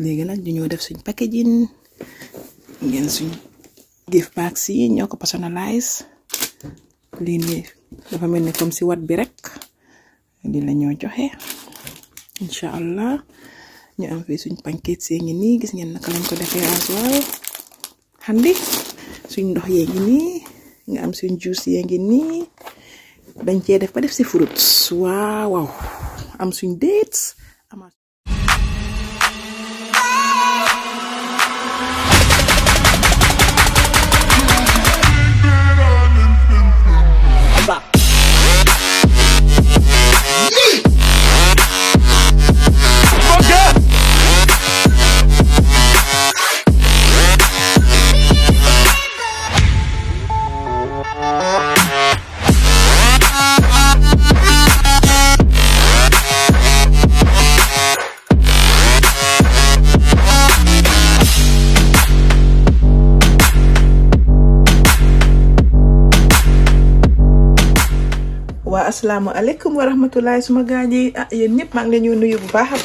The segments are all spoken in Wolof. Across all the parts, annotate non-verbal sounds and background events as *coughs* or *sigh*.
légui nak ñu ñëw def suñ packaging ngeen suñ gift pack yi ñoko ko personalize lii nii dafa melni comme si wat bi rek di la ñoo joxe inshallah ñu am fi suñ pancake see ngi ni gis ngeen naka lañ ko defee as well handi suñ ndox yee ngi ni nga am suñ juice yee ngi ni dañ ci def ba def si fruits wow wow am suñ dates Assalamualaikum warahmatullahi wa rahmatullahi suma gaañ yi ya, ah yéen ñëpp maa ngi nuyu bu baax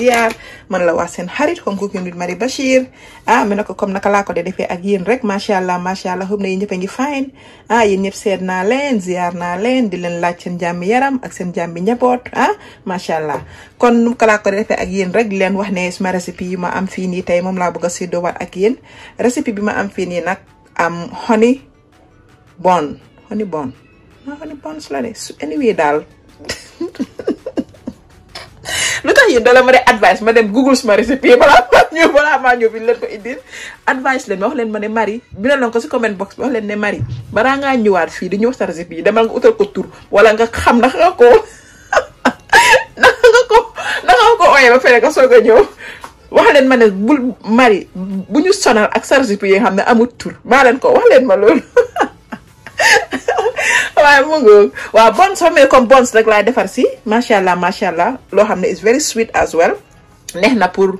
ziar man la waa seen xarit Home Cooking with Mari Bashir. ah mi ne ko comme naka laa ko de ak rek macha allah macha allah na fine ah yéen ya ñëpp seet naa ziar na len di leen laaj seen yaram ak seen jàmmi ah macha kon nu ko laa ko de ak rek di wah wax ne suma recipe yi ma am fii nii tey moom laa bëgg a séddoowaat ak ma am am honey bon honey bon maa ko ni pons la de anyway dal. lu tax yéen ma advice ma dem google suma recipe balaa ma ñëw balaa maa ñëw bi leen ko advice leen ma wax leen ma ne ko comment box bi wax leen ne Marie balaa ngaa ñëwaat fii di ñëw sa recipe yi demal nga utal ko tur wala nga xam naka nga ko naka nga ko nga ko ba fere wax leen ma ne bul mari. bu ñu sonal ak sa recipe yi tur leen ko wax leen ma waaye mu ngoog waaw bons fa mais comme bons rek laay defar si macha allah macha allah loo xam ne is very sweet as well neex na pour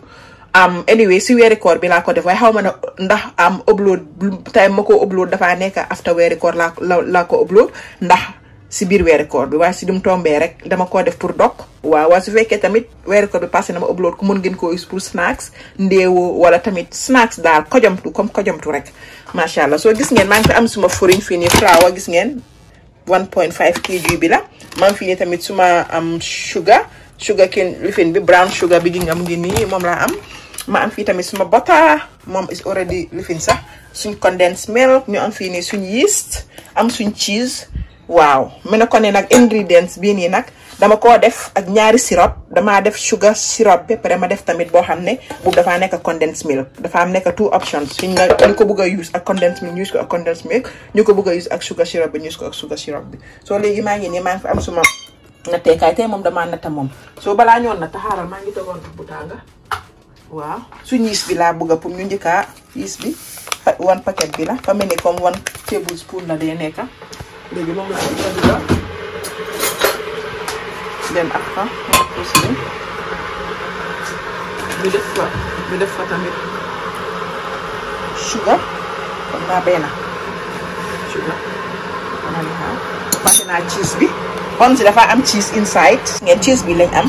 am anyway si weeri koor bi laa ko def waaye xaw ma ne ndax am upload ma ko upload dafaa nekk after weeri koor la laa ko upload ndax si biir weeri koor bi waaye si dum tombee rek dama ko def pour dok waaw waaye su fekkee tamit weeri koor bi passé na ma upload ko mun ngeen ko use pour snacks ndéewo wala tamit snacks daal kojomtu comme kojomtu rek macha allah soo gis ngeen maa ngi fi am suma furiñ fii nii flour gis ngeen 1.5 kg bi la maa ngi fi nii tamit suma am sugar sugar cane rifin bi brown sugar bi nga am ngi ni moom laa am ma am fii tamit suma butter moom is already lifin sax suñ condensed milk ñu am fii nii suñ yeast am suñ cheese waaw mu ne ko ne nag ingredients bii nii nag dama ko def ak ñaari syrup dama def sugar syrup be pare ma def tamit bo xamne bu dafa nek condensed milk dafa am nek two options suñ nga ñuko bëgga use ak condensed milk use ko ak condensed milk ñuko bëgga use ak sugar syrup bi use ko ak sugar syrup bi so legi ma ngi ni ma fi am suma naté kay té mom dama nata mom so bala ñoon nata taxara ma ngi dogon bu tanga waaw suñ yiss bi la bëgga pour ñu ndika yiss bi one packet bi la fa melni comme one tablespoon la dé nekk legi mom la leen ak fa aussi ñu def fa ñu def fa tamit sugar kon naa béy na sugar maanaam xaar mate cheese bi on si dafa am cheese inside ngeen cheese bi lañ am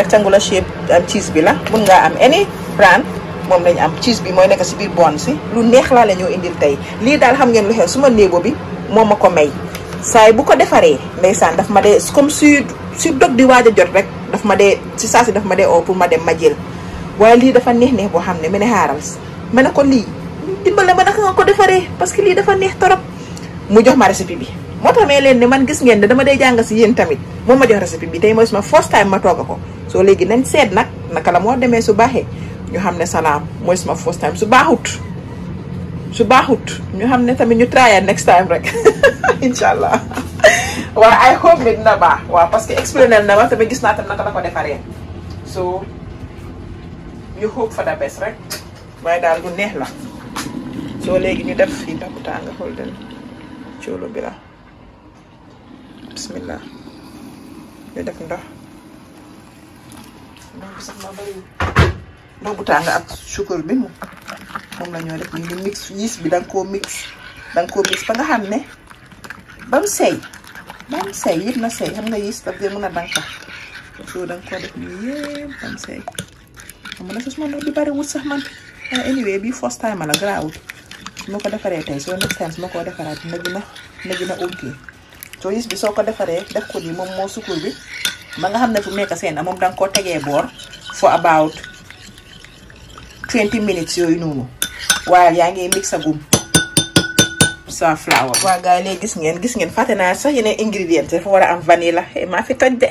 rectangular äh, cheese bi la mun ngaa am any brand moom lañ am cheese bi mooy nekk si biir bon si lu neex laa la indil tey lii daal xam ngeen lu xew suma néego bi moo ma ko may saay bu ko defaree ndeysaan daf ma de comme suy si dog di waaj jot rek daf ma dee si saa si daf ma dee oo ma dem ma jël waaye lii dafa neex neex boo xam ne mu ne xaaral ma ne ko lii dimbale ma naka nga ko defaree parce que lii dafa neex torop mu jox ma recipe bi moo tax leen ne man gis ngeen ne dama dee jàng si yéen tamit moom ma jox recipe bi tey mooy suma first time ma togg ko soo léegi nañ seet nag naka la moo demee su baaxee ñu xam ne salaam mooy suma first time su baaxut su baaxut ñu xam ne tamit ñu try next time rek *laughs* incha allah waaw I hope ne dina baax waaw parce que explainal na ma tamit gis naa tam naka la so you hope for the best right? waaye daal lu neex la soo léegi ñu def fii ndax bu tàng xool den bismillah ñu def ndox ndox bi sax maa bëri ndox bu tàng ak suukar la ñoo def ñu mix yeast bi da nga mix da ko mix ba nga ne ba mu bam seey it na seey xam nga yis daf dee mën a dànka soo danga koo def nii yëpp bam seey xam nga su ma ndox bi bari wut sax man waaye eh, anyway bii first time la garaawut su ma ko defaree tey soo next time su ma ko defaraat na gën a na gën a óggee soo yis bi soo ko defaree def ko nii moom moo sukur bi ba nga xam ne fu nekk seen moom danga koo tegee boor for about 20 minutes yo noonu while yang ngi mix a gum sunflower. waaw gars yi léegi gis ngeen gis ngeen fàtte naa sax yeneen ingrédients dafa war a am vanille eh, maa fi toj de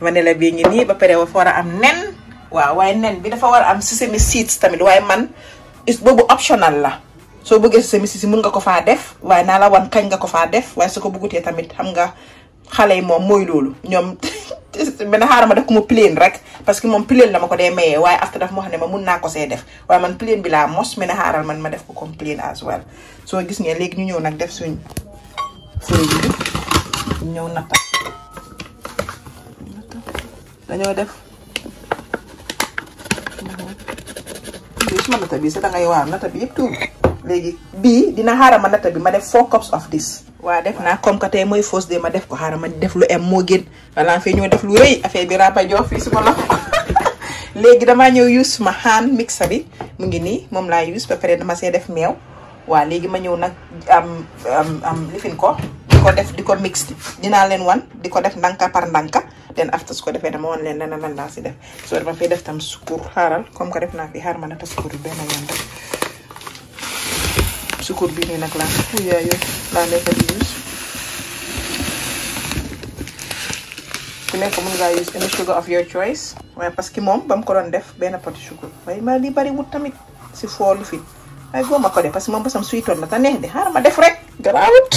vanille bii ngi nii ba pare dafa war a am nen waaw waaye nen bi dafa war a am sesame seeds tamit waaye man boobu optional la soo bëggee sesame seeds mun nga ko faa def waaye naa la wan kañ nga ko faa def waaye su ko bëggutee tamit xam nga xale yi moom mooy loolu ñoom. *laughs* ben xaaral def ko mu plain rek parce que moom plein la ma ko dee mayee waaye after daf mo xane ma mun naa ko see def waye man plein bi la mos mena haaral man ma def ko comme plein as well So, gis ngeen léegi ñu ñëw nak def suñ suñ bi ñëw nata dañu def bis mana tapi bi sa dangay waar natta bi legi bi dina harama nata bi ma def four cups of this wa def na comme que tay moy fausse de ma def ko harama def lu em mo gën wala fe ñu def lu reuy affaire bi rapa jox fi suma loxo legi *laughs* dama ñew use ma hand mixer bi mu ngi ni mom la use ba pare dama see def meew wa legi ma ñew nak am am lifin ko di ko def di mix dina len wan diko def ndanka par ndanka den after su ko defé dama won len nana nana si def so dama fay def tam sukur haral, comme ko def na fi xaar ma nata sukur benn sukur bi nii nag laa yooyu laa nekk di use ku nekk mun ngaa use any sugar of your choice waaye parce que moom ba mu ko doon def benn poti sukur waaye ma li bari wut fi waaye gooma ko de parce que moom basam suytoon na te neex de xaaral ma def rek garaawut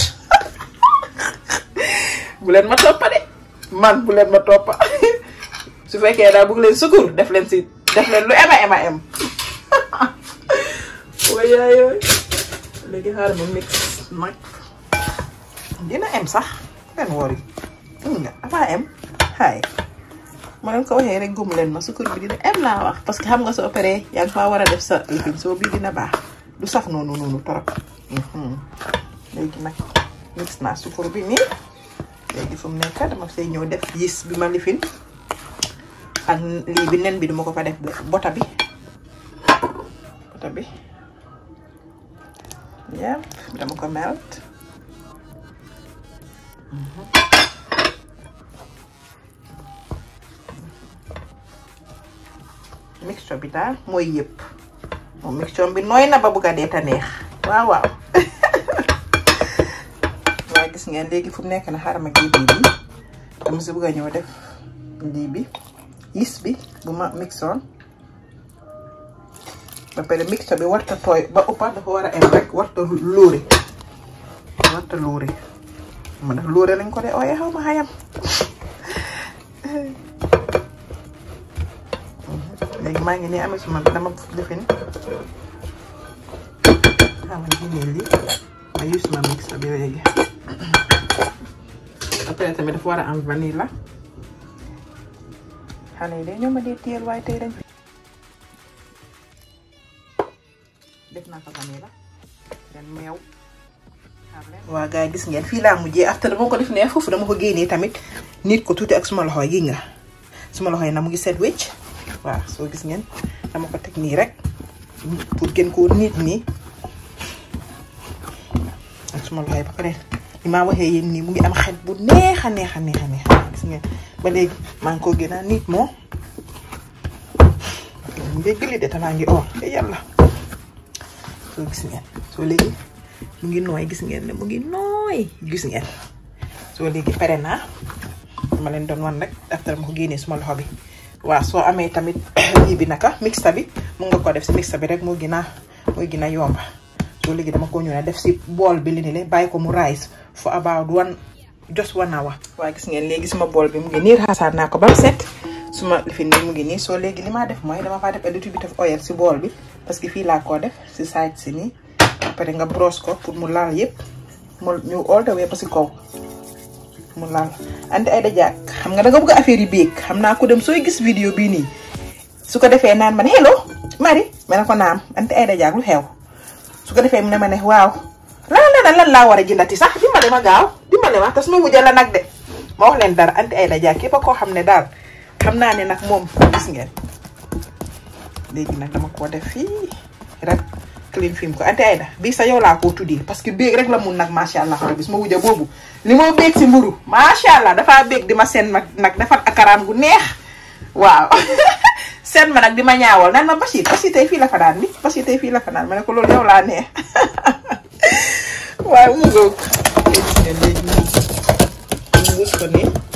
*laughs* bu leen ma toppa de man bu leen ma toppa su fekkee daal bëgg leen sukur def leen si def leen lu ema ema em waaye *laughs* yooyu léegi xaaral ma mix nag dina am sax ren woor yi nga dafa am xaay ma leen ko waxee rek gëm leen ma sukkur bi dina am laa wax parce que xam nga soo paree yaa ngi faa war a def sa lifin soo bii dina baax du saf noonu noonu torop mhm. léegi nag mix naa sukkur bi nii léegi fu mu dama see ñëw def yis bi ma lifin ak lii bi nen bi duma ko fa def bota bi bi Ya, udah mau ke melt. Mm -hmm. Mixture bita mooy yëpp moom mixture bi noy na ba bugg a dee ta neex waaw waaw *laughs* waaye gis ngeen léegi fu mu nekk na xaaral ma bi dama si bugg a ñëw def lii bi yis bi bu ma ba pare mixta bi warta toy ba uppa da ko wara en rek warta luuri warta luuri ma da luuri lañ ko de oye xaw ma hayam léegi ma ngi ni am ci man dama defin ha ma ngi ni li ay use ma mixta bi léegi ba pare tamit da war wara am vanilla la xale yi de ñoo ma dee dañ naa ko vanille la ren meew waa gars yi gis ngeen fi laa mujjee after boo ko def ne foofu dama ko génnee tamit nit ko tuuti ak suma loxo yi nga suma loxo yi na mu ngi set wécc waaw soo gis ngeen dama ko teg nii rek pour geen ko nit nii ak suma loxo yi ba pare ma waxee yéen nii mu ngi am xet bu neex a neex a gis ngeen ba léegi maa ngi koo gën nit moo mu ngi gëli de tamaa ngi or te yàlla soo gis ngeen soo léegi mu ngi nooy gis ngeen ne mu ngi nooy gis ngeen soo léegi pare naa dama leen doon wan rek after ma ko génnee suma loxo bi waaw soo amee tamit lii *coughs* bi naka mixta bi mun nga ko def si mixta bi rek moo gën a moo gën a yomba dama ko ñëw na def si bool bi li ni le bàyyi ko mu rice for about one just one hour waaw gis ngeen léegi suma bool bi mu ngi niir xasaat naa ba set suma ma ni mu ngi ni so legui li ma def moy dama fa def a little bit of oil si bol bi parce que fi la ko def si side ci ni après nga brosse ko pour mu lal yep mu ñu all the way parce que ko mu lal and ay jak xam nga da nga bëgg affaire yi béeg xam naa ko dem soy gis video bi ni su ko defé nan man hello mari ma ne ko nam and ay jak lu xew su ko defé mu ne ma ne waaw lan la lan la wara a jëndati sax dimbale ma gaaw dimbale ma tass ma wujal nak de ma wax len dar and ay da jak koo xam ne xam naa ne nag gis ngeen léegi nak dama ko def fi rek clean film ko ante da bi sa yow la ko tuddee parce que béeg rek la mu nak machallah allah rabbi ma wujja bobu li moo béeg si mburu machallah dafa dafaa dima sen ma seen nag nag gu neex waaw sen *laughs* ma nak dima ñaawal nan ma Bachir Bachir tay fi la fa daan ni Bachir tay fi la fa ma mané ko loolu yow la neex *laughs* waaw mu go ko nii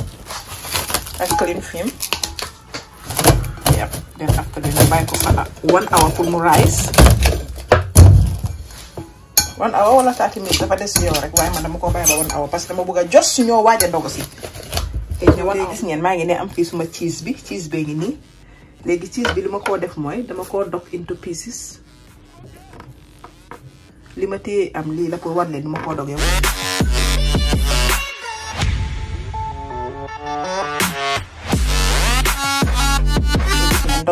ak clean film yep then after that nga bàyyi ko ah, one hour pour mu rice one hour wala thirty minutes dafa des yow rek waaye man dama ko bàyyi ba one hour parce que dama bëgg a jot su ñoo waaj a ndogu si léegi gis ngeen maa ngi ne am fii suma cheese bi cheese bee ngi nii léegi cheese bi li ma koo def mooy dama koo dog into pieces li ma téye am lii la pour war leen li ma koo dogee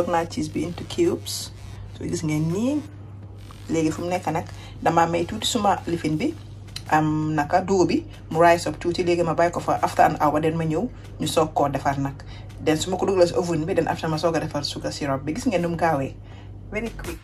dog naa cheese bi into cubes so gis ngeen nii léegi fu mu nekk nag dama may tuuti suma lifin bi am naka dugub bi mu rise up tuuti léegi ma bàyyi ko fa after an hour den ma ñëw ñu soog koo defar nag den su ma ko dugalee si oven bi den after ma soog a defar sugar syrup bi gis ngee nu mu gaawee very quick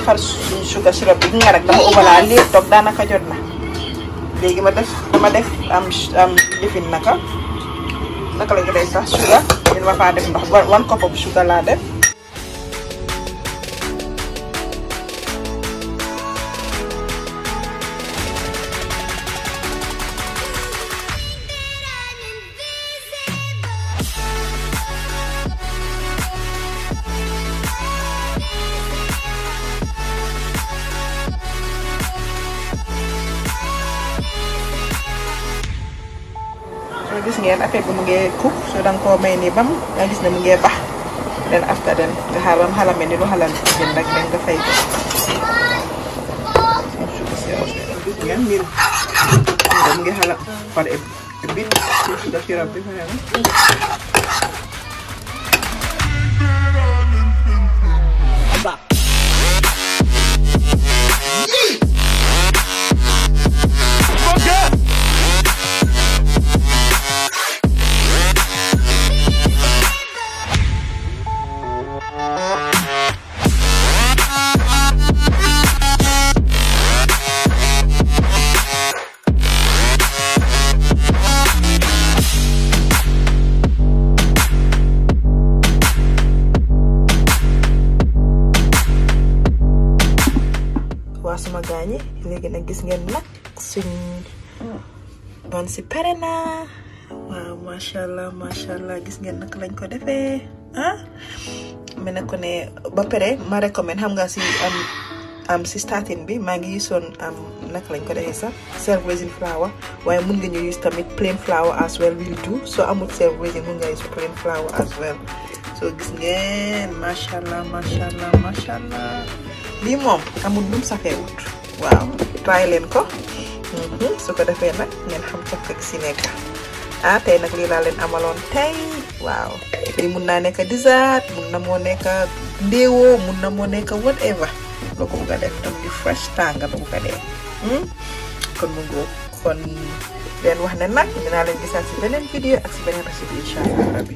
defar suñu sugar syrup bi nga rek dama ubalaa léegi toog daanaka jot na léegi ma def dama def am am lifin naka naka lañ ko def sax sugar dina ma faa def ndox one cup of sugar laa def ngeen affaire bu mu ngi cook so dang ko may ni bam nga gis ne mu then after then nga halam xalamé ni lu xalam ci rek dañ ko fay ko halam par e da suñ oh. bon si pare na waaw macha allah macha allah gis ngeen naka lañ ko defee ah mi ne ko ne ba pare ma recommend xam nga si am si starting bi maa ngi am naka lañ ko defee sax self raising waaye mun nga ñu use tamit plain flour as well will do soo amul self raising mun nga use plain flour as well so gis ngeen macha allah macha allah macha allah lii moom amul lu mu safee wut waaw. try leen ko mhm, su ko defee nag ngeen xam cafkak si nekk ah tey nag lii laa leen amaloon tey waaw lii mun naa nekk dessert mun na moo nekk ndéewoo mun na moo nekk whatever loo ko bugg a def tam di fresh tàng ba a dee hmm? kon mu kon leen wax ne nag dinaa leen gisaat si beneen vidéo ak si beneen recipe incha allah rabbi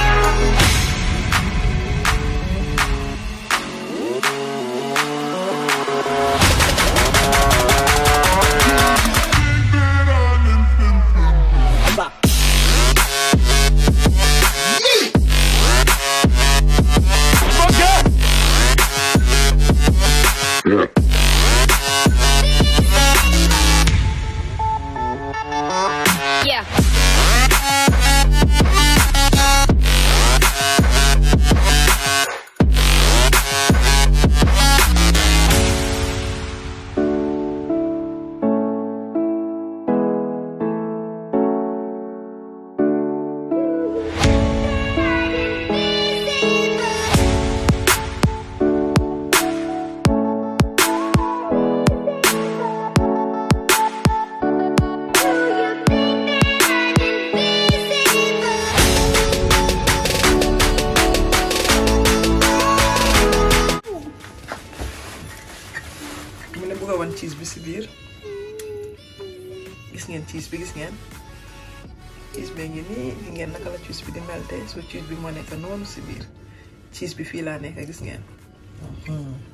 Música si biir cheese bi fii laa nekk